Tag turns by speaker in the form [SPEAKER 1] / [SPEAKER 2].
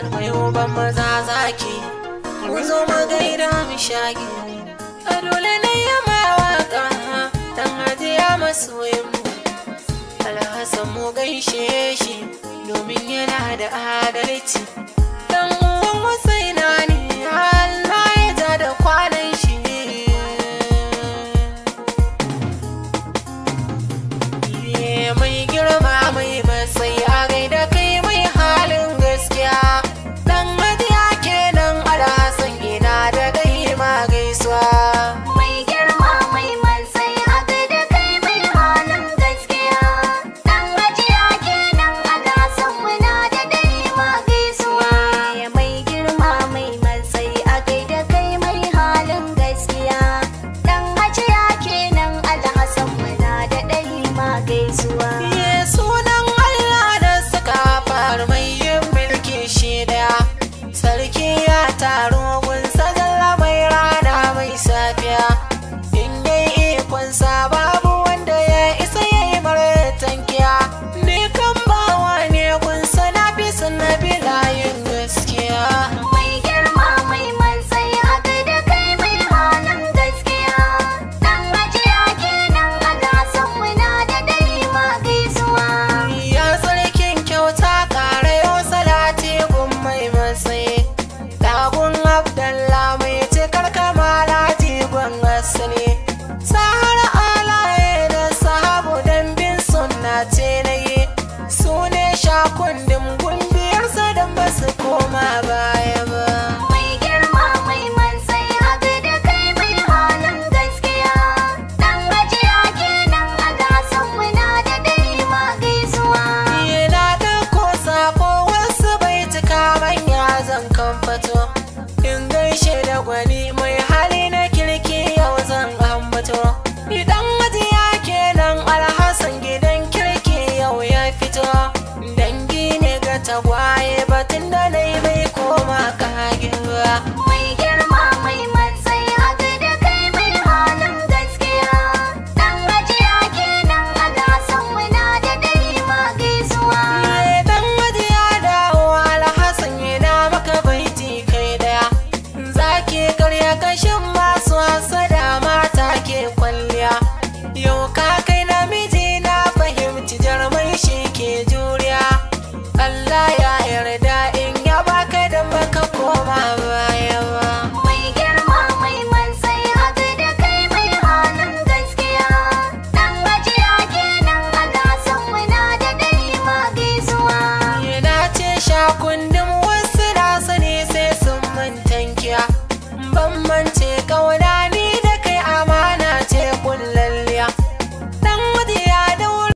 [SPEAKER 1] tarbai uban maza zaki mu zo mu gaida mu shagi a dole na yi mawaka dan hajiya masoyin mu alhassan mu gaishe shi domin yana da adalci kundin gundiyarsa da ba
[SPEAKER 2] su koma baya ba. Mai girma mai mansai abu da kai mai halin gaskiya. Dan gajiya kenan a gasan muna da dai ma gaisuwa. Yana ɗauko sako wasu bai
[SPEAKER 1] cika manya zan kan In gaishe da gwani tun
[SPEAKER 2] da na yi bai koma kage ruwa